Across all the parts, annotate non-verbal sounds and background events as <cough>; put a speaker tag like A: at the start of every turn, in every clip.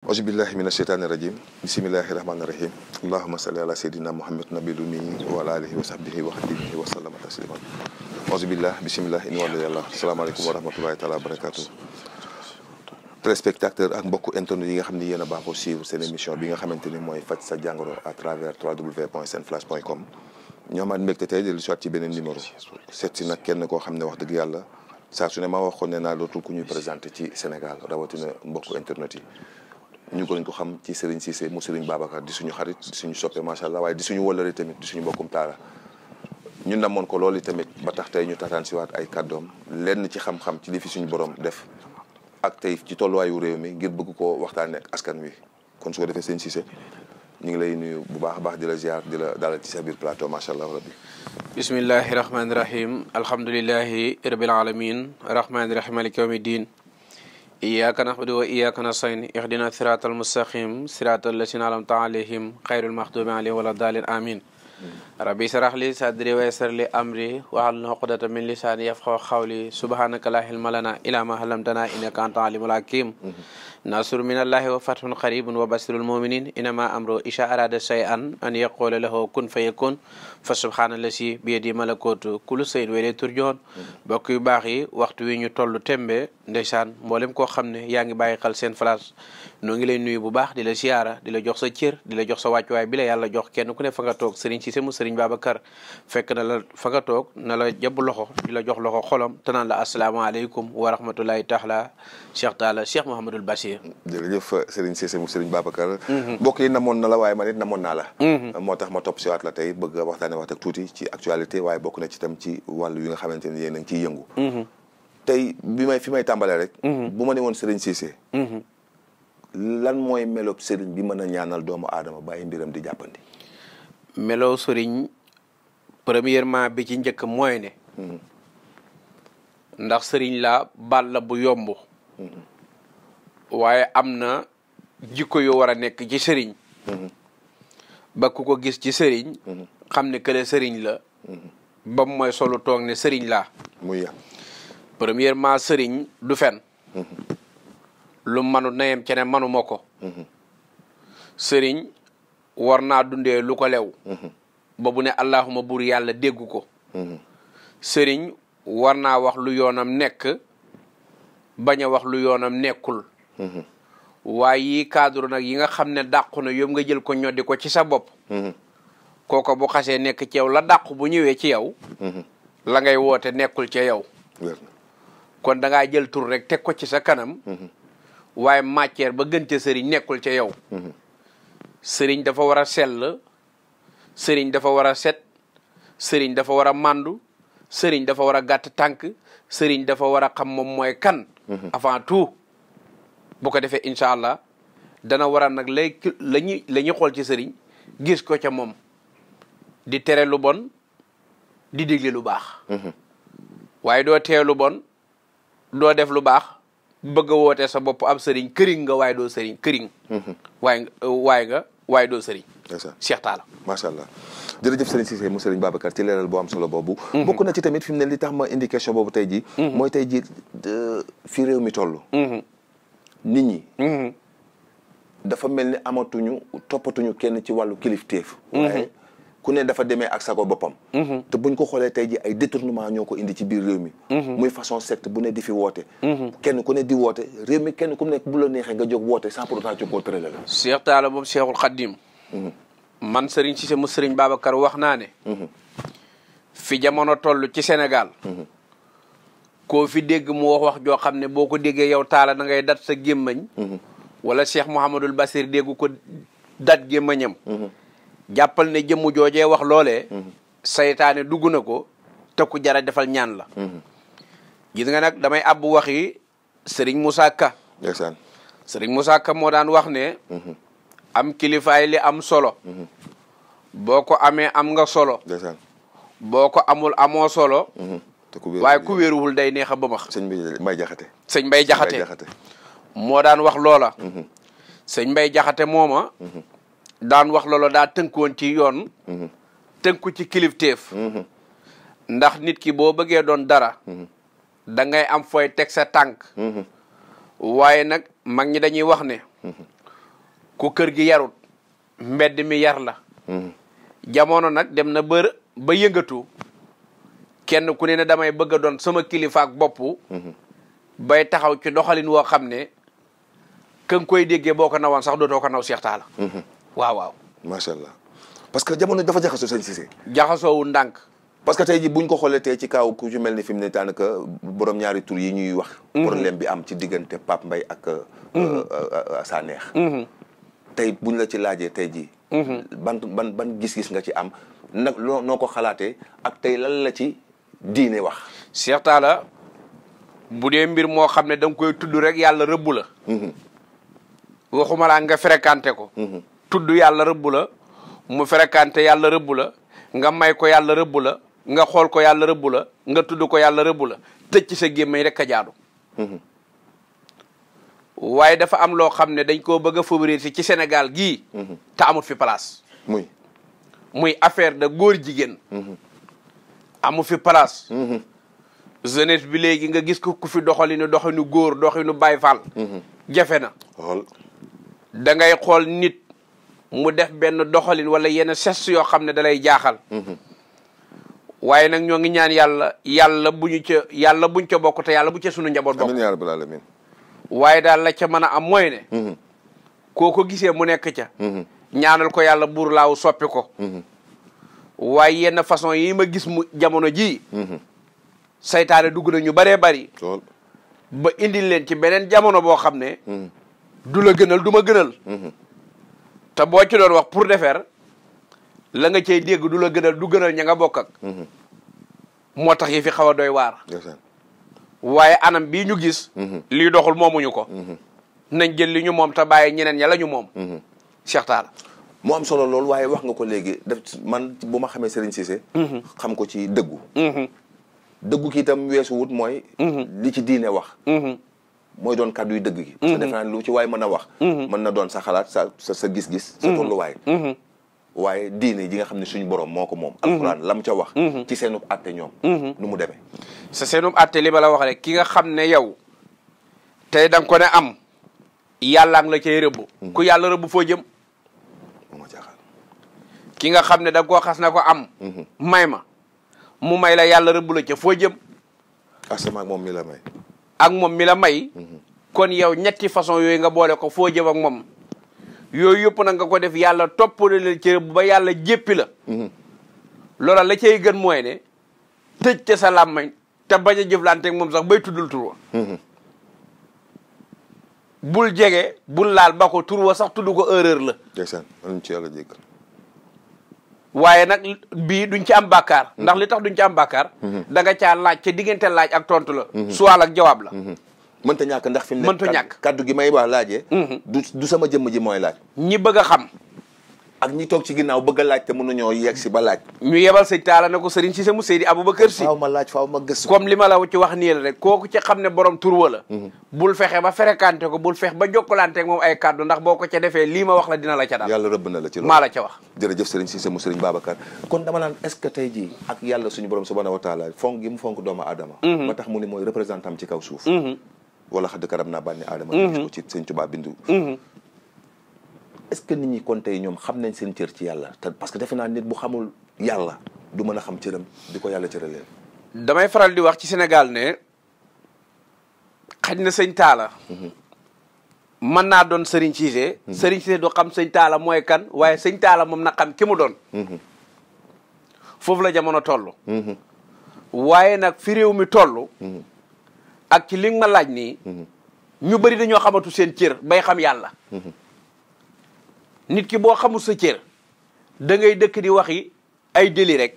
A: أعوذ بالله من الشيطان الرجيم بسم الله الرحمن الرحيم اللهم صل على سيدنا محمد du الأمي وعلى آله وصحبه وخدمه وسلم تسليما أعوذ بالله بسم الله إن billah الله السلام عليكم ورحمة الله تعالى وبركاته très spectateur barakatuh téléspectateur ak mbokku internet yi nga xam ne yéen suivre seen émission bi nga xamante ni mooy faj sa jàngoro à travers www.senflash.com ñoo amaat mbégte tey dellu soit ci beneen numéro seet si nag kenn koo xam ne wax dëgg yàlla saa su ne ma waxoon ne naa dootul ku ñuy présenté ci Sénégal rawatina mbokku internet yi ñu gën ko xam ci Serigne Cissé mu Serigne Babacar di suñu xarit di suñu soppe macha allah waaye di suñu wëllare tamit di suñu mbokkum taala ñu namoon ko loolu tamit ba tax tey ñu tataan si waat ay kàddoom lenn ci xam-xam ci li fi suñu borom def ak tey ci tolluwaayu réew mi ngir bëgg koo waxtaanee ak askan wi kon su ko defee sëñ Cissé ñu ngi lay nuyu bu baax a baax di la ziar di la dalal ci sa biir plateau macha allah rabbi
B: bismillahi rahmaani rahim alhamdulilahi rabbil alamin rahmaani rahim malik yawmi din إياك نعبد وإياك نستعين اهدنا الصراط المستقيم صراط الذين أنعمت عليهم غير المغضوب عليهم ولا الضالين آمين ربي اشرح لي صدري ويسر لي أمري واحلل عقدة من لساني يفقهوا قولي سبحانك لا علم لنا إلا ما علمتنا إنك أنت العليم الحكيم ناصر من الله وفتح قريب وبشر المؤمنين إنما أمره إذا أراد شيئا أن يقول له كن فيكون فسبحان الذي بيده ملكوت كل شيء وإليه ترجعون bokk yu baax yi waxtu wi ñu toll tembe ndeysaan mboolem koo xam ne yaa ngi bàyyi xel seen place noo ngi lay nuyu bu baax di la siyaara di la jox sa cër di la jox sa wàccuwaay bi la yàlla jox kenn ku ne fa nga toog sëriñ Cissé mu sëriñ Babacar fekk na la fa nga toog na la jàpp loxo di la jox loxo xolam te naan la asalaamaaleykum wa rahmatulahi taala Cheikh taala Cheikh Mouhamadul Bachir ci
A: jërëjëf Serigne Cissé mhm. na la mhm. moo tax ma topp si waat la tey bëgg a waxtaane wax ak tuuti ci actualité waaye bokk na ci tam ci wàllu yi nga xamante ne yéen a ngi ciy yëngu mhm. tey bi may fi may tàmbalee rek bu ma ne woon Serigne Cissé lan mooy melob Serigne bi mën a ñaanal doomu aadama bàyyi mbiram di jàppandi
B: melo Serigne premièrement bi ci njëkk mooy ne ndax Serigne la bal la bu yomb waaye am na jikko yoo war a nekk ci sëriñ ba ku ko gis ci sëriñ xam ne kële sëriñ la ba mu mooy solu toog ne sëriñ laa muy premièrement sëriñ du fen lu manu nayem ce ne manuma ko sëriñ war naa dundee lu ko lew ba bu ne allahuma buur yàlla dégg ko sëriñ war naa wax lu yoonam nekk bañ a wax lu yoonam nekkul waaye yii cadre nag yi nga xam ne dàqu na yom nga jël ko ñoddi ko ci sa bopp mhm. kooko bu xasee nekk ci yow la dàqu bu ñëwee ci yow mhm. la ngay woote nekkul ci yow kon da jël tur rek teg ko ci sa kanam mhm. waaye matière ba gën ca sëriñ nekkul ca yow sëriñ dafa war a sell sëriñ dafa war a set sëriñ dafa war a màndu sëriñ dafa war a gàtt tànk sëriñ dafa war a xam moom mooy kan avant tout bu ko defee incha allah dana waral nag lay la ñuy la ñuy xool ci sëriñ gis ko ca moom di tere lu bon di digle lu baax mhm. waaye doo tee lu bon doo def lu baax bëgg a woote sa bopp ab sëriñ këriñ nga waaye doo sëriñ këriñ waaye mhm. waaye nga waaye doo sëriñ Cheikh Talla
A: macha allah jërëjëf Serigne Cissé mu Serigne Babacar ci leeral boo am solo boobu mhm. bokk na ci tamit fi mu ne li tax ma indication boobu tey ji mooy tey ji euh, fi réew mi toll nit ñi. Mm-hmm. dafa mel ni amatuñu toppatuñu kenn ci wàllu kilifteef. Mm-hmm. waaye ku ne dafa demee ak sago boppam. Mm-hmm. te buñ ko xoolee tey ji ay détournement ñoo ko indi ci biir réew mi. muy façon secte bu ne di fi woote. kenn ku ne di woote réew mi kenn ku nekk bu la neexee nga jog woote sa pour autant jóg koo tëralal.
B: Cheikh Talla moom Cheikhul Khadim. man Serigne Cissé mu Serigne kar wax naa ne. fi jamono toll ci Sénégal. koo fi dégg moo wax wax joo xam ne boo ko déggee yow taala da ngay dat sa gémmañ mhm. wala Cheikh Mouhamadul Basir dégg ko dat gémmañam mhm. jàppal ne jëmm joojee wax loolee mhm. saytaane dugg na ko te ku jara defal ñaan la gis nga nag damay abbu wax yi Serigne Moussa Ka ndeysaan Serigne Moussa moo daan wax ne am kilifaay li am solo boo ko amee am nga solo ndeysaan amul amoo solo waaye ku wéeruwul day neex a ba max sëñ Mbay Jaxate sëñ Mbay Jaxate moo daan wax loola mm-hmm. sëñ Mbay Jaxate mooma mm-hmm. daan wax loola daa tënk woon ci yoon mm-hmm. tënku ci kilifteef ndax nit ki boo bëggee doon dara dangay am fooy teg sa tànk waaye nag mag ñi dañuy wax ne ku kër gi yarut mbedd mi yar la jamono nag dem na ba ba kenn ku ne ne damay bëgg a doon sama kilifaak bopp mhm. bay taxaw ci doxalin woo xam ne ka koy déggee boo ko nawoon sax dootoo ko naw seex Talla mhm. waaw waaw
A: macha allah parce que jamono dafa jaxasoo sëñ Cissé jaxasoowu ndànk parce que tey ji buñ ko xoolee tey ci kaw ku ci mel ni fi mu ne daanaka borom ñaari tur yi ñuy wax mhm. problème bi am ci diggante Pape Mbaye ak euh, euh, euh, Saneex tey buñ la ci laajee tey ji ban ban ban gis-gis nga ci am nag
B: loo noo ko xalaatee ak tey lan la ci diine wax. Cheikh Talla bu dee mbir moo xam ne da koy tudd rek yàlla rëbbu la. Mhm. waxumalaa nga fréquenté ko. Mhm. tudd yàlla rëbbu la mu fréquenté yàlla rëbbu la nga may ko yàlla rëbbu la nga xool ko yàlla rëbbu la nga tudd ko yàlla rëbbu la tëj ci sa gémmiñ rek a jaadu. Mhm. waaye dafa am loo xam ne dañ koo bëgg a favoriser si ci Sénégal gii. te amut fi place. muy affaire da góor jigéen. amu fi place. Mhm. jeunesse bi léegi nga gis ko ku fi doxalinu doxinu góor doxinu Baay Faal. Mhm. jafe na. dangay xool nit mu def benn doxalin wala yenn sess yoo xam ne dalay jaaxal. Mhm. waaye nag ñoo ngi ñaan yàlla yàlla bu ñu ca yàlla buñ ca bokk yàlla bu ca sunu njaboot bokk. amiin yaa rabbal aalamiin. waaye daal la ca mën a am mooy ne. koo ko gisee mu nekk ca. ñaanal ko yàlla buur laaw soppi ko. waaye yenn façon yi ma gis mu jamono ji seytaane dugg na ñu baree bëri ba indil leen ci beneen jamono boo xam ne hmm. du la gënal du ma gënal hmm. te boo ci doon wax pour defar la nga cee dégg du la gënal du gënal ña nga bokk ak hmm. moo tax yi fi xaw a doy waar waaye anam bii ñu gis lii doxul moomuñu ko nañ jël li ñu moom te bàyyi ñeneen ña la ñu moom Cheikh Talla mu am solo
A: loolu waaye wax nga ko léegi def man bu ma xamee Serigne Cissé. Mhm. xam ko ci dëggu. Mhm. dëggu ki itam weesu wut mooy. Mhm. li ci diine wax. mooy doon kàddu yu dëgg gi. parce lu ci waay mën a wax. mën na doon sa xalaat sa sa gis-gis. sa tolluwaay. waaye diine ji nga xam ne suñu borom moo ko moom.
B: alxuraan la mu ca wax. ci seenub àtte ñoom. nu mu demee. sa seenub àtte li ma la wax rek ki nga xam ne yow tey da nga ko ne am yàlla nga la cay rëbb. ku yàlla rëbb foo jëm. ki nga xam ne da ko xas na ko am. Mhm. may ma mu may la yàlla rëbb la ca foo jëm.
A: asamaa ah, ak moom mi may.
B: ak moom mi la may. Mhm. kon yow ñetti façon yooyu nga boole ko foo jëm ak moom. yooyu yëpp nag nga ko def yàlla toppale la ci rëbb ba yàlla jéppi la. Mhm. loola la cay gën mooy ne. tëj sa làmmañ te bañ a jëflanteeg moom sax bay tuddul tur wa bul jege bul laal ba ko tur wa sax tudd ko erreur la. ci yàlla jéggal waaye nag bii duñ ci am bàkkaar mm-hmm. ndax li tax du ci am bàkkaar mm-hmm. da nga caa laaj ca diggante laaj ak tontu la mm-hmm. suwaal ak jawaab la mënta ñàkk ndax fi mu ne mënta ñàkk kaddu gi may wax laajee du sama jëmma ji mooy laaj ñi bëgg a xam ak ñi toog ci ginnaaw bëgg a laaj te mënuñoo yegg si ba laaj ñu yebal sëñ taala na ko sëriñ Cissé mu Seydi Aboubacar si faaw ma laaj faaw ma gëstu comme li ma la ci wax nii la rek ci mhm. ndax boo ko ca defee lii ma wax la dina la ca daal yàlla rëbb na la ci loolu maa la ca wax jërëjëf
A: sëriñ Cissé mu sëriñ Babacar kon dama naan est-ce ak yàlla suñu borom subhanahu wa fonk gi mu mhm. ba tax mu ni mooy représentant ci kaw suuf mhm. wala xadd karam naa bànni aadama es ce que nit ñi kon tey ñoom xam nañ seen cër ci yàlla te parce que defe naa nit bu xamul yàlla du mën a xam cëram di ko yàlla cëraleen
B: damay faral di wax ci senegal ne xaj na sëñ Talla. Mhm. mën naa doon Serigne Cissé. Mhm. Serigne Cissé du xam sëñ taala mooy kan waaye mhm. sëñ Talla moom na xam ki mu doon. foofu la jamono toll. waaye nag fi réew mi toll. ak ci li ma laaj nii. ñu bëri dañoo xamatu seen cër bay xam yàlla. nit ki boo xamul sa cër da dëkk di waxi ay deli rek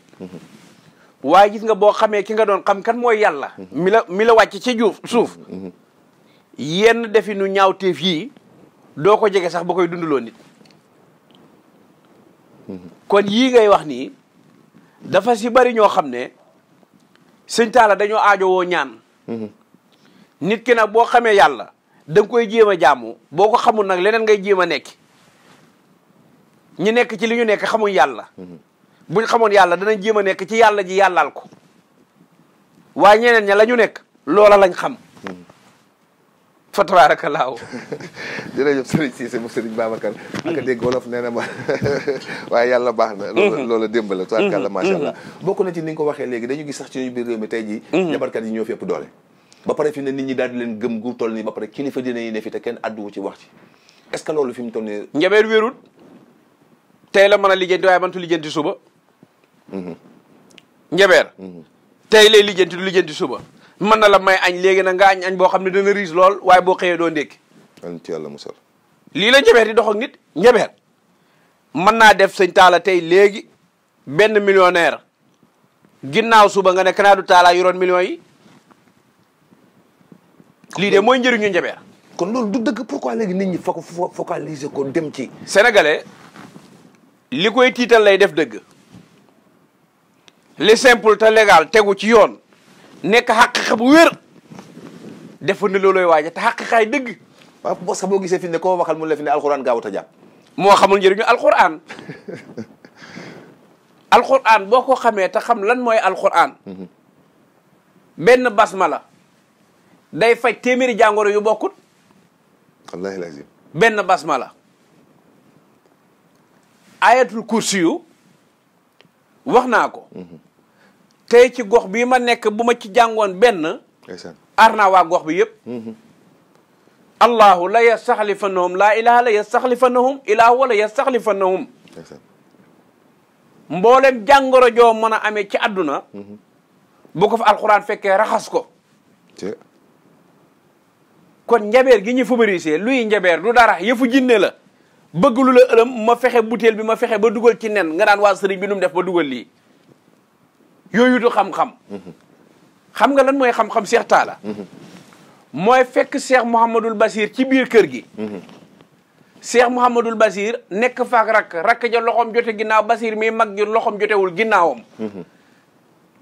B: waaye gis nga boo xamee ki nga doon xam kan mooy yàlla mi la mi wàcc ci juuf suuf yenn defi nu ñaawteef yii doo ko jege sax ba koy dundaloo nit kon yii ngay wax nii dafa si bari ñoo xam ne sëñ taala dañoo aajowoo ñaan nit ki nag boo xamee yàlla da koy jéem a jaamu boo ko xamul nag leneen ngay jéem a nekk ñu nekk ci li ñu nekk xamuñ yàlla mhm. buñ xamoon yàlla danañ jéem a nekk ci yàlla ji yàllaal ko waaye ñeneen ña la ñu nekk loola lañ xam mhm. fa tabaarakallaahu
A: <laughs> jërëjëf Serigne Cissé mu Serigne Babacar mhm. aka dégg wolof nee na ma <laughs> waaye yàlla baax na loola démb la tubaarkàlla macha allah bokk na ci ni ko waxee léegi dañu gis sax ci ñu biir réew mi tey ji jabarkat yi ñoo fi ëpp doole ba pare fi ne nit ñi daal di leen gëm gu toll nii ba pare kilifa dina yi ne fi te kenn àdduwu ci wax ci fi mu toll
B: nii njabeer tey la man a lijjanti waaye mëntu lijjanti suba. njabeer. tey lay lijjanti du lijjanti suba. mën na la may añ léegi nag añ añ boo xam ne dana riis lool waaye boo xëyee doo ndékki. ci yàlla lii la njabeer di dox ak nit njabeer. mën naa def sëñ taala tey léegi benn millionnaire ginnaaw suba nga ne kanaa du taalaa yoroon millions lii de mooy njëriñu njabeer. kon loolu du dëgg pourquoi léegi nit ñi fo focaliser ko dem ci. sénégalais. li koy tiital lay def deug li simple ta legal tegu ci yoon nekk xam bu wér defa ne waja ta te xay deug ba bo sax boo gisee fi ne ko waxal mu la fi ne alxuraan gaawut a xamul njëriñu alxuraan <laughs> alquran boo ko xamee xam lan moy alquran mhm. ben basmala day fay téeméeri jangoro yu bokut wallahi lazim ben basmala ayatul kursi yu wax naa ko tey ci gox bii ma nekk bu ma ci jàngoon benn ar naa gox bi yëpp allahu la yastaxlifannahum laa ilaha la yastaxlifannahum ilaahu wala yastaxlifannahum mboolem jàngoro joo mën a amee ci àdduna bu ko fa alxuraan fekkee raxas ko kon njabeer gi ñu fubarisee luy njabeer du dara yëfu jinne la bëgg lu la ëlëm ma fexe butéel bi ma fexe ba dugal ci nen nga daan waa sëriñ bi nu def ba dugal lii yooyu du xam-xam xam nga lan mooy xam-xam Cheikh Talla mooy fekk Cheikh Mouhamadul Basir ci biir kër gi Cheikh Mouhamadul Basir nekk faak rakk rakk ja loxoom jote ginnaaw Basir mi mag ji loxoom jotewul ginnaawam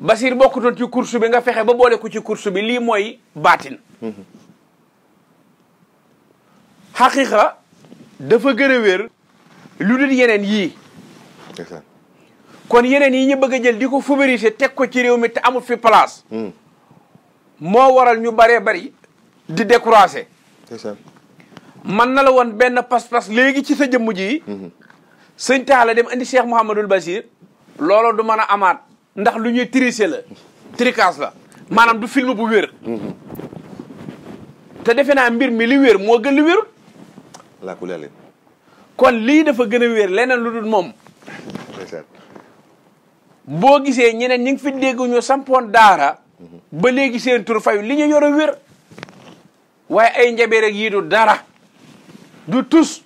B: bokk bokkutoon ci course bi nga fexe ba boole ko ci course bi lii mooy baatin xaqiqa dafa gën a wér lu dul yeneen yii kon yeneen yi ñu bëgg a jël di ko favoriser teg ko ci réew mi te amul fi place hmm. moo waral ñu baree bari di découragé man na la woon benn pas-pas léegi ci sa jëmm ji hmm. sëñ Talla dem indi Cheikh Mouhamadul Basir looloo du mën a amaat ndax lu ñuy triché la tricage la maanaam du film bu wér hmm. te defe naa mbir mi li wér moo gën li wérut laa ku kon lii dafa gën a wéer leneen lu dul moom boo gisee ñeneen ñi ngi fi dégg ñu sampoon daara ba léegi seen tur fayu li ñu yor a wér waaye ay njabeer ak yii du dara du tus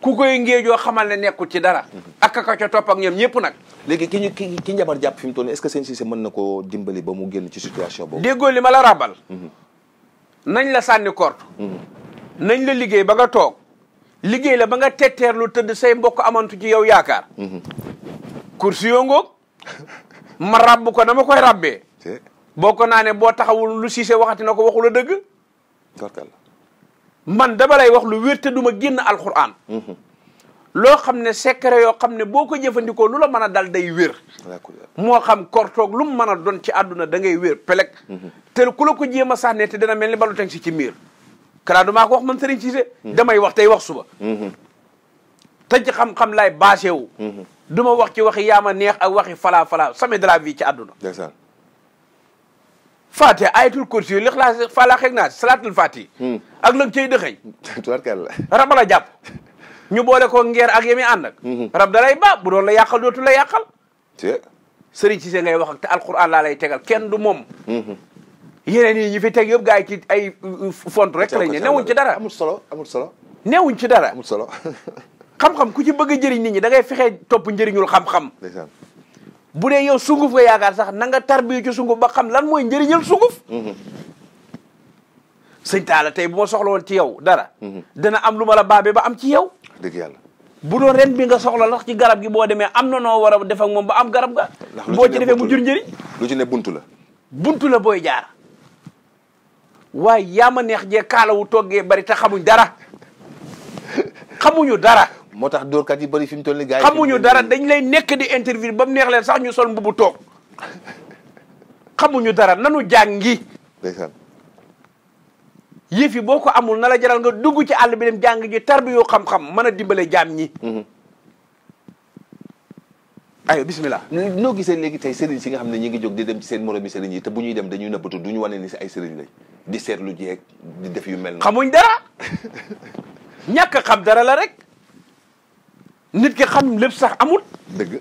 B: ku koy ngéejoo xamal ne nekkul ci dara mhm. ak ka ca ak ñoom ñëpp nag léegi ki ñu
A: ki ki njabar jàpp fi mu toll nii est-ce que seen Cissé mën na koo dimbali ba mu génn ci situation boobu
B: déggoo li ma la rabal mhm. nañ la sànni korte mhm. nañ la liggéey ba nga toog liggéey la ba nga tetteerlu tëdd say mbokk amantu ci yow yaakaar mhm. kursi yoo ngoog ma rabb ko na ma koy rabbee boo ko naanee boo taxawul lu siise waxati na ko waxula dëgg man dama lay wax lu wér te du ma génn alxuraan mhm. loo xam ne secret yoo xam ne boo ko jëfandikoo lu la mën a dal day wér moo xam kortoog lu mu mën a doon ci àdduna da ngay wér peleg mhm. te ku la ko jéem a sànne te dana mel ni balu teg si ci miir Kara du maa ko wax man Serigne Cissé. Mm-hmm. damay wax tey wax suba. Mm-hmm. te ci xam-xam laay bâché wu. Mm-hmm. du ma wax ci waxi yaama neex ak waxi falaa falaa samay de la vie ci àdduna. ndeysaan. Faatiha ayatul kursi yi lixlaas falaa xeeg naa salaatul faati. Mm. ak la nga cay dëxëy. <laughs> tubarkalla. rab la jàpp. ñu boole ko ngeer ak yemi ànd ak. rab da lay ba bu doon la yàqal dootu la yàqal. Serigne Cissé ngay wax ak te alquran laa lay tegal kenn du moom. yeneen yi ñu fi teg yëpp gars yi ay euh, euh, font rek lañ ne newuñ ci dara amul solo amul solo newuñ ci dara amul solo xam-xam ku ci bëgg a jëriñ nit ñi da ngay fexe topp njëriñul xam-xam bu dee yow sunguf nga yaakaar sax na nga tarbiyu ci sunguf ba xam lan mooy njëriñal sunguf mm-hmm. sëñ Talla tey bu ma soxla woon ci yow dara mm-hmm. dana am lu ma la baabe ba am ci yow dëgg yàlla bu doon ren bi nga soxla lax ci garab gi boo demee am na noo war a def ak moom ba am garab ga boo ci defee mu jur njëriñ lu ci ne buntu la buntu la booy jaar waaye yaa ma neex jee kaalawu toggee bari ta xamuñ dara xamuñu dara. moo tax dóorkat
A: yi bëri fi mu toll nii gars yi xamuñu dara dañ
B: lay nekk di interview ba mu neex leen sax ñu sol mbubu toog xamuñu dara nanu jàngi. ndeysaan. yëf yi boo ko amul na la jaral nga dugg ci àll bi dem jàng ji tarbi yoo xam-xam mën a dimbale jaam ñi. Mm-hmm. ayo bismillah noo
A: gisee léegi tey sëriñ si nga xam ne ñi ngi jóg di dem ci seen moromi sëriñ yi te bu ñuy dem dañuy nëbbatu duñu wane ni si ay sëriñ lañ
B: di seetlu jeeg di def yu mel na xamuñ dara ñàkk xam dara la rek nit ki xam lépp sax amul dëgg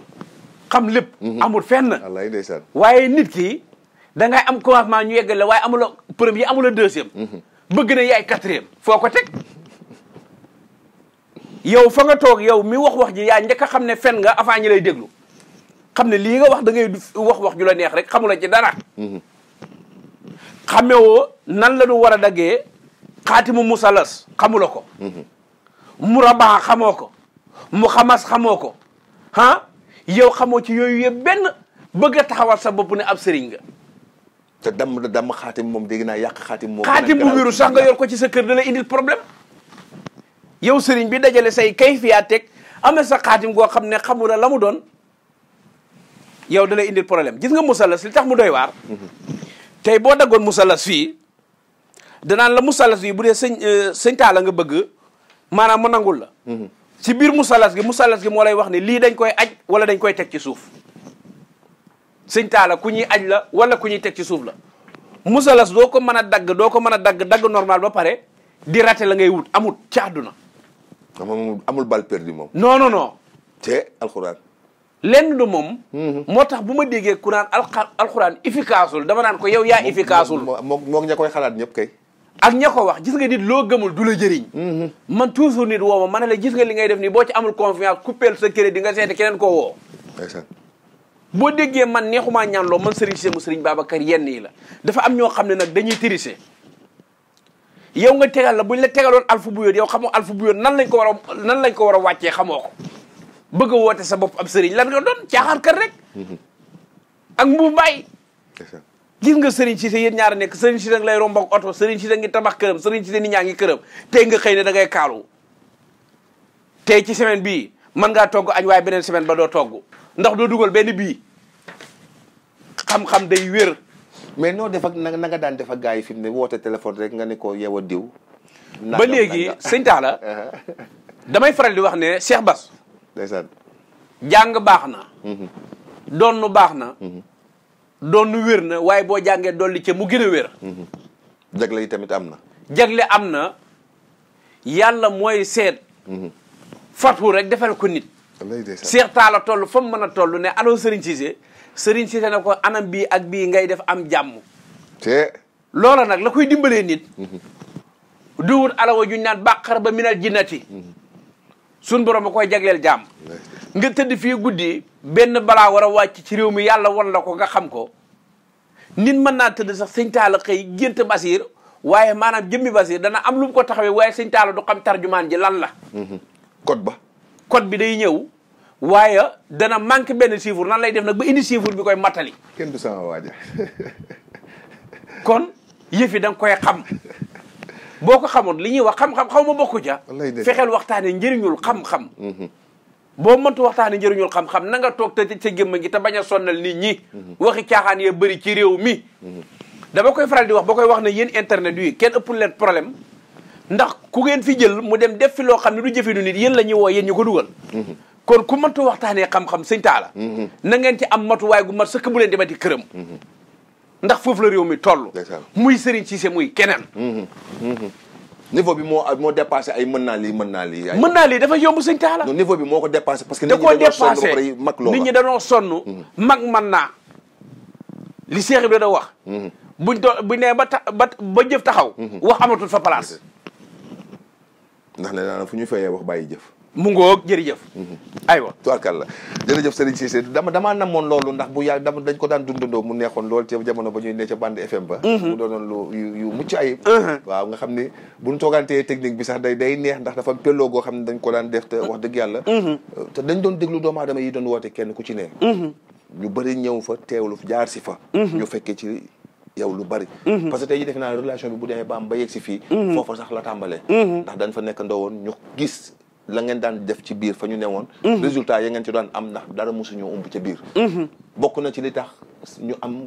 B: xam lépp mhm. amul fenn wallaay ndeysaan waaye nit ki da ngay am commencement ñu yeggal la waaye amula premier amula deuxième mhm. bëgg na yaay quatrième foo ko teg yow fa nga toog yow mi wax wax ji yaa njëkk a xam ne fen nga avant ñi lay déglu xam ne lii nga wax da ngay wax wax ju la neex rek la ci dara xamewoo nan la ñu war a daggee xaatimu musalas xamula ko mu rabaa xamoo ko mu xamas xamoo ko ah yow xamoo ci yooyu yëpp benn bëgg a taxawal sa bopp ne ab sëriñ nga te damm da damm xaatim moom dégg na yàq xaatim moom xaatim bu wéru sax nga yor ko ci sa kër da indil problème yow sëriñ bi dajale say kayfiyaa teg am na sa xaatim goo xam ne xamula la mu doon yow da lay indil problème gis nga musalas li tax mu doy waar tey boo daggoon musalas fii danaan la musalas bi bu dee sëñ euh, sëñ taala nga bëgg maanaam mu nangul la ci biir musalas gi musalas gi moo lay wax ne lii dañ koy aj wala dañ koy teg ci suuf sëñ taala ku ñuy aj la wala ku ñuy teg ci suuf la musalas doo ko mën a dagg doo ko mën a dagg dagg normal ba pare di raté la ngay wut amut ci àdduna amul bal perdu moom non non non te alxuraan lenn du moom. Mhm. moo tax bu ma déggee kuraan alxuraan efficace wul dama naan ko yow yaa efficace wul. moo moo ña koy xalaat ñëpp kay. ak ña ko wax gis nga nit loo gëmul du la jëriñ. Mhm. man toujours nit woo ma ma ne la gis nga li ngay def nii boo ci amul confiance coupeel sa crédit nga seeti keneen koo woo. boo déggee man neexumaa ñaan loo man Serigne Seye mu Serigne Babacar yenn yi la dafa am ñoo xam ne nag dañuy tirise yow nga tegal la buñ la tegaloon alfu bu yoon yow xamoo alfu bu yoon nan lañ ko war nan lañ ko war a wàccee xamoo ko. bëgg woote sa bopp ab sëriñ lan nga doon caaxaan kat rek. ak mbu bàyyi. gis nga sëriñ si yéen ñaar nekk sëriñ si da lay oto sëriñ si da ngi tabax këram sëriñ si ñaa ngi këram tey nga xëy ne da ngay kaalu. tey ci semaine bii mën ngaa togg añ waaye beneen semaine ba doo togg ndax doo dugal benn bii xam-xam day
A: mais noo def ak na nga daan def ak gars yi fi mu ne woote téléphone rek nga ne ko yeewa diw. ba léegi sëñ
B: Talla <laughs> damay faral di wax ne Cheikh Bass. jàng baax na doon mhm. doonnu baax na doon mhm. doonnu wér na waaye boo jàngee li ca mu gën a wér mhm. jagle yi tamit am na jagle am na yàlla mooy seet fatu rek defal ko nit seex taala toll fa mu mën a tollu ne allo Serigne Cissé Serigne Cissé ne ko anam bii ak bii ngay def am jàmm te loola nag la koy dimbalee nit duwut alawa juñ naan bàqar ba minal jinnati suñ borom ba koy jagleel jaam nga tëdd fii guddi benn balaa war a wàcc ci réew mi yàlla wan la ko nga xam ko nit mën naa tëdd sax sëñ taala xëy gént basir waaye maanaam jëmmi basir dana am lu mu ko taxawee waaye sëñ taala du xam tarjumaan ji lan la mm-hmm. code ba code bi day ñëw waaye dana manqué benn chiffre nan lay def na ba indi chiffre bi koy matali kenn du sama waaja kon yëfi da nga koy xam boko xamone li wax xam xam xawma bokku ja fexel waxtane njeriñul xam xam mhm. bo mëntu waxtane njeriñul xam xam na nga tok te ci gemma gi te baña sonal nit ñi mhm. waxi tiaxaan ye ya bari ci rew mi mhm. dama koy faral di wax bokoy wax ne yeen internet yi kenn ëppul leen problème ndax ku ngeen fi jël mu dem def fi lo xamni du jëfëdu nit yeen lañuy wo yeen ñuko duggal kon ku mëntu waxtane xam xam señ taala na ngeen ci am matu way gu ma sekk bu leen kërëm ndax foofu la réew mi toll. muy Serigne Cissé muy keneen. niveau bi moo moo dépassé ay mën naa lii mën naa lii. mën naa lii dafa yomb sëñ Talla. non niveau bi moo ko dépassé parce que. da koo dépassé nit ñi dañoo sonn mag mm-hmm. man naa. li Cheikh Ibrahima da wax. Mm-hmm. buñ doon buñ nee ba ta ba ba jëf taxaw. Mm-hmm. wax amatul fa place.
A: ndax nee naa fu ñu fayee wax bàyyi jëf. mu ngoog jërëjëf mm-hmm. aywa tubaarkàlla jërëjëf Serigne Cissé dama damaa namoon loolu ndax bu yàgg dama dañ ko daan dundandoo mu neexoon lool ci jamono ba ñuy ne ca bande FM ba mm-hmm. mu doonoon lu yu mucc ayib mm-hmm. waaw nga xam ne bu ñu toogaantee technique bi sax day day neex ndax dafa pelloo goo xam ne dañ ko daan def te wax dëgg yàlla dañ doon déglu doomu aadama yi doon woote kenn ku ci ne ñu bëri ñëw fa teewlu jaar si fa ñu fekkee ci yow lu bari. parce que tey jii naa relation bi bu demee ba am ba yegg si fii foofa sax la tàmbalee ndax dañ fa nekk ndawoon ñu la ngeen daan def ci biir fa ñu ne woon mhm. résultat ya ngeen ci doon am ndax dara mosuñoo umbu ci biir mhm. bokk na ci li tax ñu am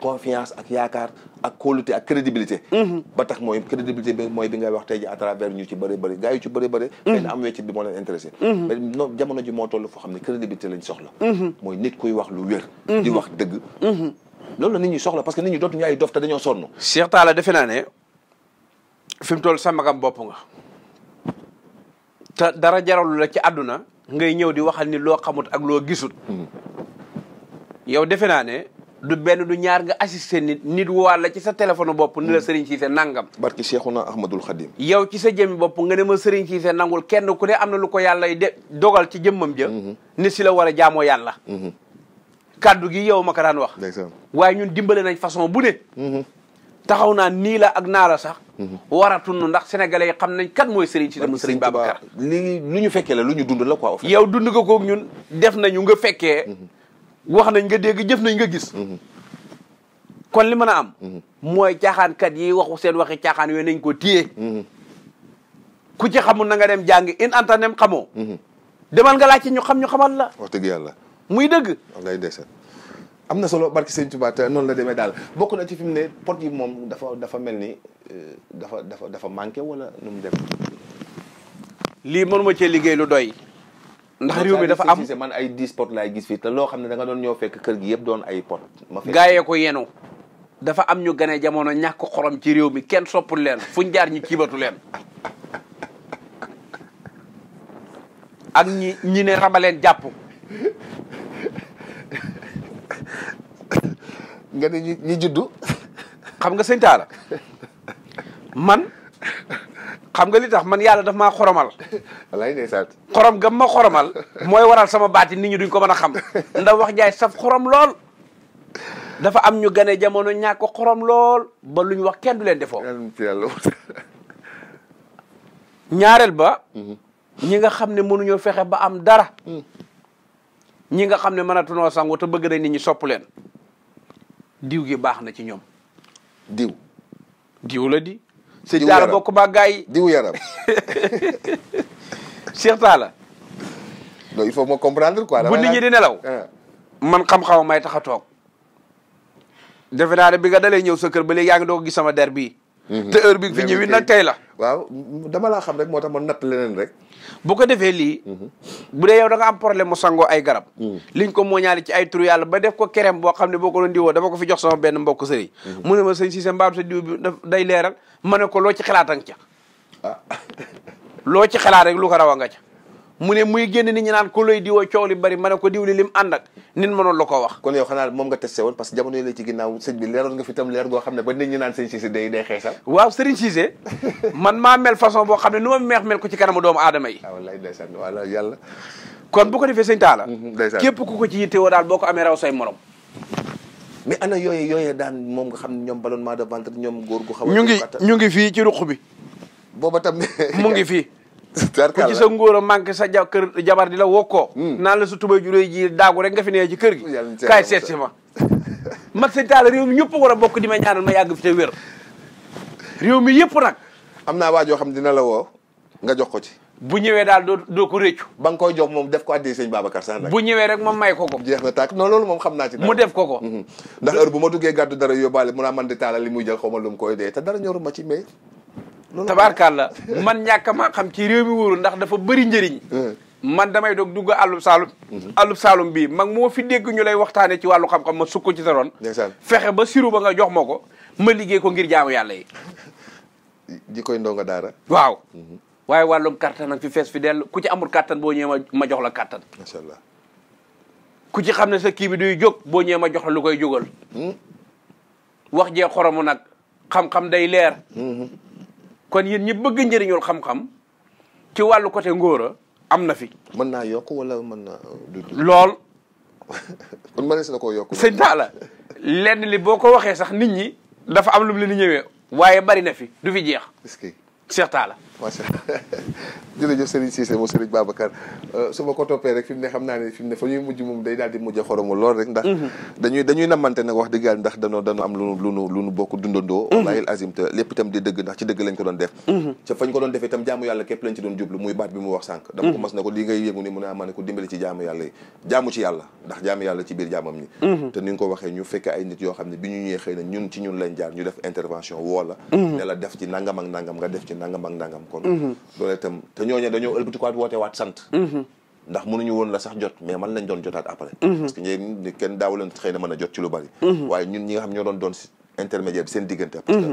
A: confiance ak yaakaar ak qualité ak crédibilité mhm. ba tax mooy crédibilité bi mooy bi ngay wax tey à travers ñu ci bëri bëri gars yu ci bëri bëri xëy na am wecc bi moo leen intéressé mais non jamono ji moo toll foo xam ne crédibilité lañ soxla mooy nit kuy wax lu
B: wér di wax dëgg loolu la nit ñi soxla parce que nit ñi dootuñu ay dof te dañoo sonn Cheikh Talla defe naa ne fi mu toll sàmmagam bopp nga te dara jaralu la ci àdduna ngay ñëw di waxal ni loo xamut ak loo gisut hmm. yow defe naa ne du benn du ñaar nga assisté nit nit waa la ci sa téléphone bopp ni la hmm. Serigne Cissé nangam
A: barki Cheikhouna Ahmadoul Khadim
B: yow ci sa jëmmi bopp nga ne ma Serigne Cissé nangul kenn ku ne am na lu ko yàlla de dogal ci jëmmam ja hmm. ni si la war a jaamoo yàlla kàddu gi yow ma daan wax waaye ñun dimbale nañ façon bu ne taxaw naa nii la ak naa sax sax mhm. nu ndax sénégalais yi xam nañ kan mooy Serigne Cissé mu Serigne Babacar lii lu ñu fekkee la lu ñu dund la quoi yow dund ko koog ñun def nañu nga fekkee mhm. wax nañ nga dégg jëf nañ nga gis mhm. kon li mën a am mooy caaxaankat yi waxu seen waxi caaxaan we nañ ko téye ku ci xamul na nga dem jàngi in antanem xamoo demal nga laaj ci ñu xam ñu xamal la wax dëgg yàlla muy dëgg
A: am na solo barki sëñ Tuubaa te noonu la demee daal bokk na ci fi mu ne pot yi moom dafa dafa mel ni euh, dafa dafa dafa manqué wala nu mu dem. lii mënuma
B: cee liggéey lu doy. ndax réew mi dafa am man ay dix pot laay gis fii te loo xam ne da doon ñëw fekk kër gi yëpp doon ay pot. ma fekk ko yenu dafa am ñu gane jamono ñàkk xorom ci réew mi kenn soppul leen fuñ jaar ñi kiibatu leen. ak ñi ñi ne rabaleen jàpp. nga ne ñi juddu. xam nga sëñ man xam nga li tax man yàlla daf ma xoromal. walaay ndeysaan. xorom gam ma xoromal. mooy waral sama baati nit ñi duñ ko mën a xam. ndax wax jaay saf xorom lool. dafa am ñu gane jamono ñàkk ko xorom lool ba luñ wax kenn du leen defoo. ñaareel ba. Mm-hmm. ñi nga xam ne mënuñoo fexe ba am dara. Mm. ñi nga xam ne mënatunoo sangu te bëgg nañ nit ñi sopp leen diw gi baax na ci ñoom. diw. diw la di. diw yaram Sëñ Talla bokk ma yi diw yaram. Cheikh Talla. non il faut ma comprendre quoi. bu nit ñi di nelaw. Ah. man xam-xamam may tax a toog. defe naa ne bi nga dalee ñëw sa kër ba léegi yaa ngi doog gis sama der bii.
A: Mhm. te bi fi ñëwit nag tey
B: la. waaw dama laa xam rek moo tax ma natt leneen rek. bu ko defee lii. Mhm. bu dee yow da am problème mu sangoo ay garab. Mhm. liñ ko mooñaale ci ay turu yàlla ba def ko kerem boo xam ne boo ko doon diwoo dama ko fi jox sama benn mbokk sëriñ. Mhm. mu ne ma sëñ si sa mbaam sa diw bi day leeral ma ne ko loo ci xalaat ca. Ah. loo ci xalaat rek lu ko raw nga ca. mu ne muy génn nit ñi naan ku lay diwoo coow li bari ma ko diw li lim ànd ak nit mënoon la ko wax kon yow xanaa moom nga testé woon parce que jamono yi la ci ginnaaw sëñ bi leeroon nga fi tam leer goo xam ne ba nit ñi naan <laughs> boo xam ne nu ma meex mel ko ci kanamu doomu aadama yi ah,
A: kon ko defee sëñ Talla mhm, képp ku
B: ko ci yittewoo daal boo ko amee raw say
A: morom mais ana daan moom nga xam ne ñoom ballonnement de ventre ñoom góor gu xaw ñu ngi ñu
B: ngi ngi fii <laughs> ku ci sa ngóor a manqué sa ja kër jabar di la wokkoo hmm. naan la sa tubay ju réy ji daagu rek nga fi nee ci kër gi kaay seet si ma <laughs> mag sëñ Talla réew mi ñëpp war a bokk di ma ñaanal ma yàgg fi te wér réew mi yëpp nag am naa waajoo xam dina la woo nga jox ko ci bu ñëwee daal
A: doo doo ko réccu ba nga koy jox moom def ko addi ko ko jeex na tàkk non loolu moom xam naa ci mu def ko ko mhm. ndax heure bu ma duggee gàddu dara yóbbaale mu a man di taala li muy jël xaw ma lu mu koy dee te dara
B: ma ci mais tabaarkàlla man ñàkk maa xam ci réew mi wóorul ndax dafa bëri njëriñ eh. man damay dog dugg àllub saalum mhm. àllub saalum bii mag moo fi dégg ñu lay waxtaane ci wàllu xam-xam ma sukk ci sa roon fexe ba siru ba nga jox ma ko ma liggéey ko ngir jaamu yàlla di <laughs> koy ndongo daara waaw mhm. waaye wàllum kattan ak fi fees fi dell ku ci amul kattan boo ñëwee ma jox la kattan macha allah ku ci xam ne sa kii bi duy jóg boo ñëwee ma jox lu koy jógal mhm. wax jee xoromu nag xam-xam day leer kon yéen ñi bëgg njëriñul xam-xam ci walu côté ngoro amna fi. mën naa yokk wala mën naa. lool. kon ma sa la koo yokk. sëñ Talla lenn li boko waxé sax nit ñi dafa am lu mu leen di ñëwee bari na fi du fi jeex. est-ce que Cheikh Talla. macha allah
A: <laughs> jërëjëf Serigne Cissé moom Serigne Babacar euh, su ma ko toppee rek fi mu ne xam naa ne fi ne fa ñuy mujj moom day daal mujj a xoromu lool rek ndax mhm. dañuy namante nag wax dëgg yàlla ndax danoo danoo am lunu lunu lu nu bokk dundandoo mhm. wallaahi azim te lépp itam di dëgg ndax ci dëgg lañ ko doon def mhm. ca fañ ko doon defee itam képp lañ ci doon jublu muy baat bi mu wax sànq dama ko mas na ko li ngay yëngu ni mu ne ah, ma ne ko dimbali ci jaamu yàlla jaamu ci yàlla ndax jaamu yàlla ci biir jaamam ñi te ni nga ko waxee ñu fekke ay nit yoo xam ne bi ñu ñëwee xëy na ñun ci ñun lañ jaar ñu def intervention woo la ne def ci nangam ak nangam kon
C: loolu
A: mhm. itam te ñooñu dañoo ëlbatikuwaat woote waat sant mhm. ndax mënuñu woon la sax jot mais man lañ doon jotaat après mhm. parce que ñeen kenn daaw leen mën a jot ci lu bari waaye ñun nga xam ñoo doon doon intermédiaire seen diggante parce que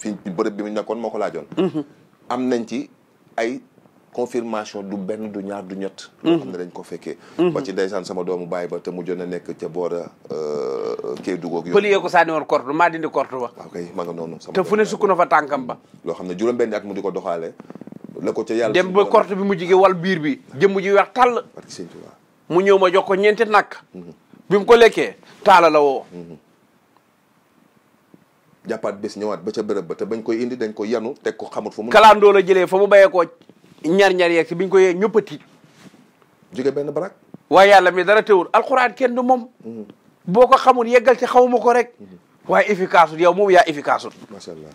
A: fii bërëb bi mu nekkoon moo ko laajoon am nañ ci ay confirmation du benn du ñaar du ñett mhm. loo xam ne dañ ko fekkee mhm. ba ci ndeysaan sama doomu bàyyi ba te mujjoon a nekk ca boora euh, Kédougou ak pëlie
B: ko sànni woon korte maa dindi ba waaw
A: kay ma nga noonu te sukk
B: na fa tànkam ba mhm. loo xam ne juróom benn at mu di ko doxaale la ko ca yàlla dem ba korte bi mujj gi wal biir bi jëmm ji weex tàll mu ñëw ma jox ko ñeenti nakk ko lekkee taala la woo
A: jàppaat bés ca bërëb ba te bañ koy indi dañ ko yanu teg ko xamut fu mu
B: kalaandoo la jëlee fa mu bayee ko ñaar ñaar yeeg si biñ ko yee ñëpp a tiit jóge waaye yàlla mi dara teewul alxuraan kenn du moom mm-hmm. boo ko xamul yeggal ci xawuma ko rek mm-hmm. waaye efficace yow moom yaa efficace macha allah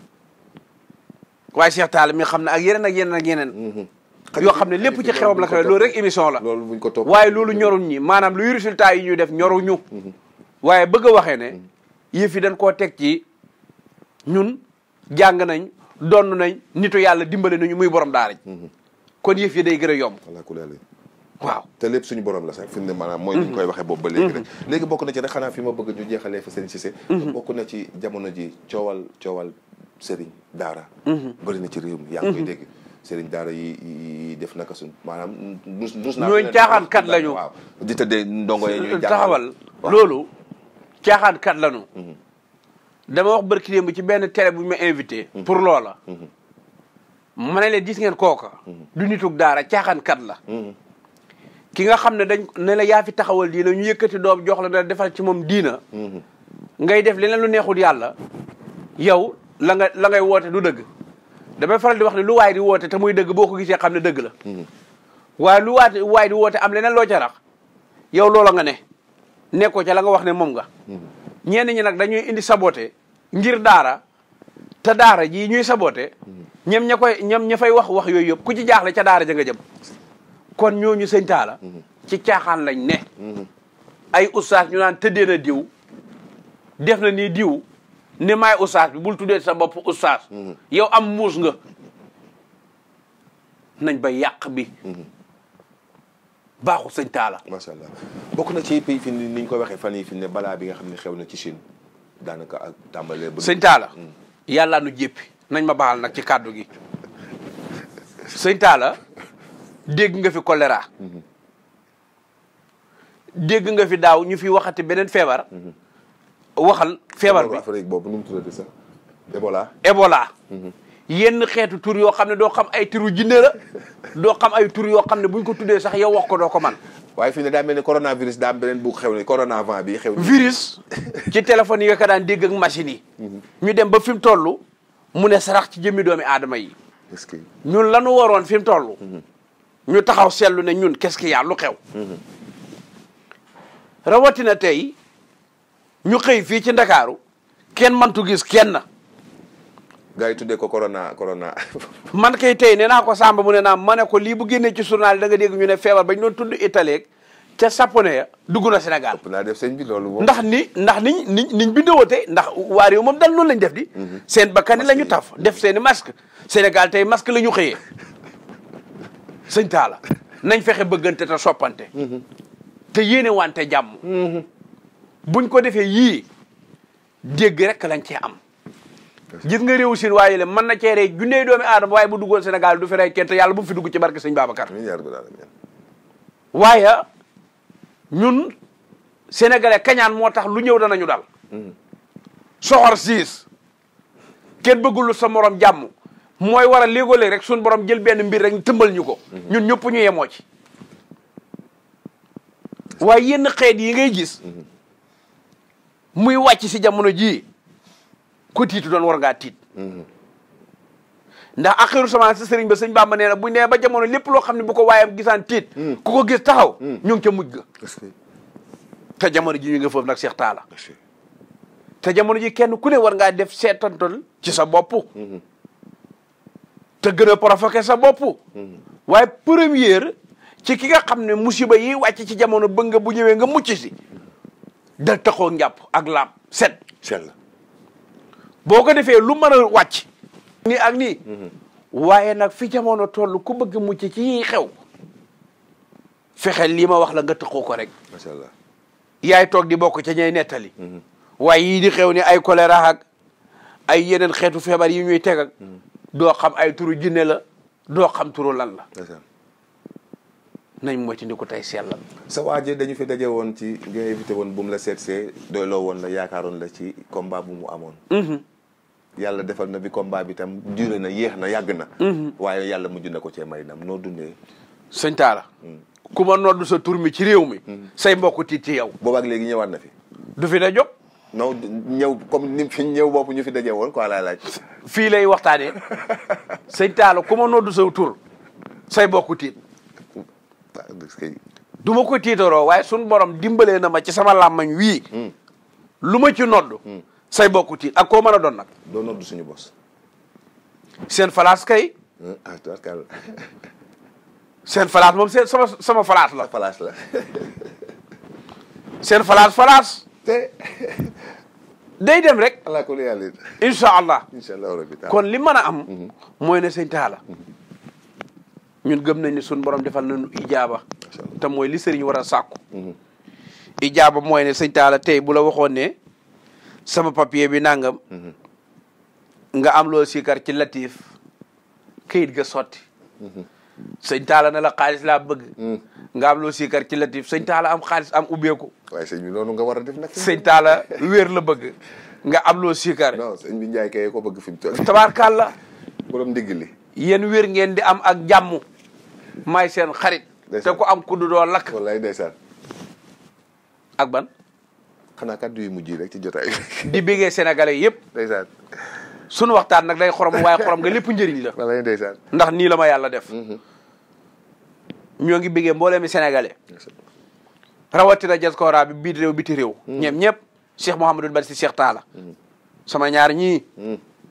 B: waaye Cheikh Tall mi xam ne ak yeneen ak yeneen ak yeneen mm-hmm. yoo xam ne lépp ci xewam la xewee loolu rek émission la loolu buñ ko topp waaye loolu ñorul ñi maanaam luy résultat yi ñuy def ñorul ñu waaye bëgg a waxee ne yëf yi dañ koo teg ci ñun jàng nañ donn nañ nit yàlla dimbale nañu muy borom daara kon yëf yi day gën a yomb
A: waaw te lépp suñu borom la sax fi mu ne maanaam mooy ñu koy waxee boobu ba léegi rek
B: mhm. léegi bokk na ci rek
A: xanaa fi ma bëgg ñu jeexalee fa Serigne Cissé mhm. bokk na ci jamono ji coowal coowal Serigne Daara mhm. bëri na ci réew mi yaa ngi koy dégg Serigne Daara yi yi def naka suñ maanaam
B: dus dus naa ñooy caaxaan kat lañu waaw di tëddee ndongo yi loolu caaxaan kat lañu dama wax barki démb ci benn télé bu ñu ma invité pour loola ma ne leen diis ngeen kooka. Mm-hmm. du nitug daara caaxaankat la. Mm-hmm. ki nga xam ne dañ ne la yaa fi taxawal diina ñu yëkkati doom jox la ne defal ci moom diina. Mm-hmm. ngay def leneen lu neexul yàlla. yow la nga la ngay woote du dëgg. damay faral di wax ne lu waay di woote te muy dëgg boo ko gisee xam ne dëgg la. waaye lu waat waay di woote am leneen loo ca rax yow loola nga ne. nekkoo ca la nga wax ne moom nga. ñeen ñi nag dañuy indi saboté ngir daara. te daara jii ñuy saboté ñam ña koy ñoom ña fay wax wax yooyu yëpp ku ci jaaxle ca daara ja nga jëm kon ñooñu sëñ taala ci caaxaan lañ ne ay ustaas ñu naan tëddee na diw def na nii diw ne maay ustaas bi bul tuddee sa bopp ustaas yow am muus nga nañ ba yàq bi baaxu sëñ taala macha allah
A: bokk na ci pays fi ni ko waxee fan yi fi ne balaa bi nga xam ne xew na ci Chine daanaka ak tàmbalee sëñ taala
B: mm. yàlla nu jéppi nañ ma baal nag ci kàddu gi sëñ Talla dégg nga fi choléra dégg nga fi daaw ñu fi waxati beneen feebar waxal feebar bi Afrique boobu nu mu tuddati sax Ebola mhm. yenn xeetu tur yoo xam ne doo xam ay turu jinne la doo xam ay tur yoo xam ne buñ ko tuddee sax yow wax ko doo ko man waaye fii ne daa mel ni coronavirus daa am beneen bu xew ne corona vent bi xew. virus ci téléphone yi nga ko daan dégg ak machine yi. Mhm. ñu dem ba fi mu toll mu ne sarax ci jëmmi doomi aadama yi. est-ce que ñun lanu waroon fi mu toll. Mhm. ñu taxaw seetlu ne ñun qu'est-ce qu'il lu xew. Mhm. rawatina tey ñu xëy fii ci Ndakaaru kenn mantu gis kenn. gars yi tuddee ko corona corona. <laughs> man kay tey nee naa ko Samba mu ne naa ma ne ko lii bu génnee ci journal da nga dégg ñu ne feebar ba ñu doon tudd Italie ca Sapone ya dugg na Sénégal. ëpp naa def sëñ bi loolu moom. ndax ni ndax niñ niñ niñ bindoote ndax waa réew moom dal loolu lañ def di. Mhm. seen bakkan la ñu taf def seen i masque Sénégal tey masque la ñu xëyee sëñ nañ fexe bëggante te soppante. Mhm. te yéene wante jàmm. Mhm. buñ ko defee yii dégg rek lañ cee am. gis nga rew siin waye le manna na gune rey junneey doomi adam waye bu duggal Sénégal du fi re kenn yalla bu fi dugg ci barke sëñ babakar waye ñun sénégalais kañaan moo tax lu ñëw danañu dal hmm. soxor sis kenn bëggul lu sa morom jamm moy wara a rek suñu borom jël benn mbir rek tëmbal ñuko hmm. ñun ñëpp ñu ci waye yeen xéet yi ngay gis hmm. muy wacc ci jamono ji ku tiitu doon war ngaa tiit ndax axiru samaan si sëriñ ba sëñ Bàmba nee na bu nee ba jamono lépp loo xam ne bu ko waayam gisaan tiit hmm. ku ko gis taxaw hmm. ñu ngi ca mujj ga te jamono ji ñu nga foofu nag Seex Taala te jamono ji kenn ku ne war ngaa def seetantal ci sa bopp hmm. te gën a provoqué sa bopp waaye première ci ki nga xam ne musiba yi wàcc ci jamono bëgg nga bu ñëwee nga mucc si da taxoo njàpp ak laab set boo ko defee lu mën a wàcc nii ak nii mm-hmm. waaye nag fi jamono toll ku bëgg mucc ci yi xew fexe lii ma wax la nga tëqoo ko rek macha allah yaay toog di bokk ca ñay nettali mm-hmm. waaye yii di xew ni ay choléra ak ay yeneen xeetu feebar yi ñuy teg mm-hmm. doo xam ay turu jinne la doo xam turu lan la nañ moytandi ko tey seet la
A: sa dañu fi daje woon ci nga invité woon bu mu la seetsee doyloo woon la yaakaaroon la ci combat bu mu amoon yàlla defal na bi combat bi tam duré na yéex na yàgg na. Mhm. waaye yàlla mujj na ko cee may ndam noo dundee. sëñ
C: mm.
B: ku ma sa tur mi ci réew mi. Mm. say mbokk ci yow. boobaak léegi ñëwaat na fi. du fi da jóg. non ñëw comme ni fi ñëw bopp ñu fi daje woon quoi fii lay waxtaanee <laughs> sëñ Talla ku ma sa tur say mbokk tiit. du ko tiitaroo waaye sunu borom dimbalee na ma ci sama làmmañ wii. Mm. lu ma ci noddu. say bokku ci ak ko mën a doon nag. doo suñu bos. seen falaas kay. Ah, seen falaas moom seen sama sama falaas la. falaas la. <laughs> seen falaas falaas. day dem rek. allah kulli allah. incha allah rabbi kon li mën a am. Mhm. mooy ne sëñ taala. Mhm. ñun gëm nañ ne suñu borom defal nañu ijaaba. te mooy li sëriñ war a sàkku. Mhm. ijaaba mooy ne sëñ taala tey bu la waxoon ne. sama papier bi nangam. Mhm. nga am loo sikar ci latif kayit ga sotti. Mhm. sëñ taala na la xaalis laa bëgg. Mhm. nga am loo siikar ci latif sëñ taala am xaalis am ubbeeku. waaye sëñ bi nga war a def nag. sëñ taala wéer la bëgg nga am loo siikar. non sëñ bi Ndiaye ko bëgg fi mu toll. tabaarkàlla. borom yéen wér ngeen di am ak jàmm. may seen xarit. te ko am kuddu doo lakk. wallaay ndeysaan. ban. xanaa kàddu yu mujj yi rek ci jotaay di biggee sénégalais yëpp ndeysaan sunu waxtaan nag day xorom waaye xorom nga lépp njëriñ la wala ndeysaan ndax nii la ma yàlla def mhm. ñoo ngi béggee mbooleemi sénégalais rawatina diaspora bi biir réew biti réew ñeem mhm. ñëpp Cheikh Mouhamadou Bari si Cheikh Talla mhm. sama ñaar ñii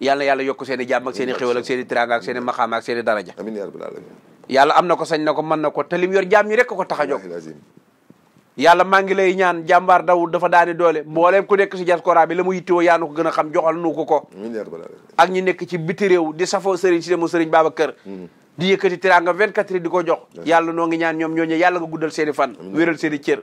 B: yàlla na yàlla yokk seen i jàmm ak seen i xéwal ak seen i tiraanga ak seen i maxaama ak seen i daraja amiin yaa rabbal alamin yàlla am na ko sañ na ko mën na ko te lim yor jaam ñi rek ko tax a jóg yàlla maa ngi lay ñaan jàmbaar daw dafa daani doole mbooleem ku nekk si diaspora bi la mu yittewoo yaa nu ko gën a xam nu ko ko ak ñi nekk ci biti réew di safoo sëriñ si demo sëriñ Babacar mm. di yëkkati teraanga 24 heures di ko jox yàlla noo ngi ñaan ñoom ñooñu yàlla nga guddal seeni fan wéral seeni cër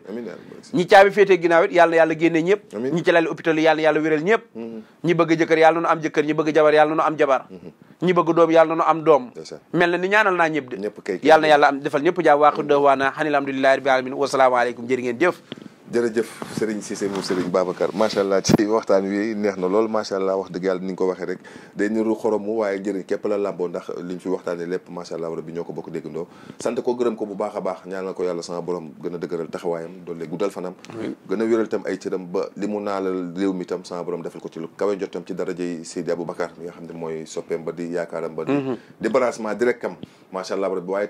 B: ñi caabi féetee ginnaaw yàlla yàlla génnee ñëpp ñi ci laali hôpital yi yàlla yàlla wéral ñëpp mm. ñi bëgg jëkkër yàlla nu am jëkkër ñi bëgg jabar yàlla na nu am jabar mm-hmm. ñi bëgg doom yàlla na am doom mel na ni ñaanal naa ñëpp de yàlla na yàlla am defal ñëpp jaam waaqi dowaana xanil hamdulillahi rabbil alamin wasalaamaaleykum jërë ngeen def
A: jërëjëf Serigne Cissé moom Serigne Babacar macha allah ci waxtaan wi neex na lool macha allah wax dëgg yàlla ni nga ko waxee rek day niru xoromu waaye njëriñ képp la làmboo ndax liñ fi waxtaanee lépp macha allah rabbi ñoo ko bokk déggandoo sant ko gërëm ko a baax a dëgëral guddal fanam gën a wéral tam ay cëram ba li naa naalal réew mi tam sama borom defal ko ci lu kawe njottam ci darajey Seydi Aboubacar mi nga xam ne mooy soppeem ba di yaakaaram ba di mhm. débarrassement direct am macha allah rabbi a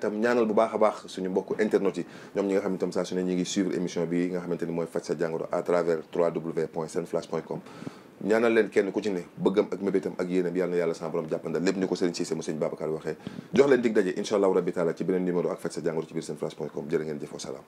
A: baax suñu mbokk internet yi ñoom ñi nga bi nga ni mooy faj sa jàngoro à travers www.senflash.com ñaanal leen kenn ku ci ne bëggam ak mébétam ak yéenam yàlla na jàppandal lépp ni ko Serigne Cissé mu Serigne Babacar waxee jox leen daje incha allahu rabbi ci beneen numéro ak faj sa jàngoro ci biir senflash.com jërë ngeen jëf wa salaam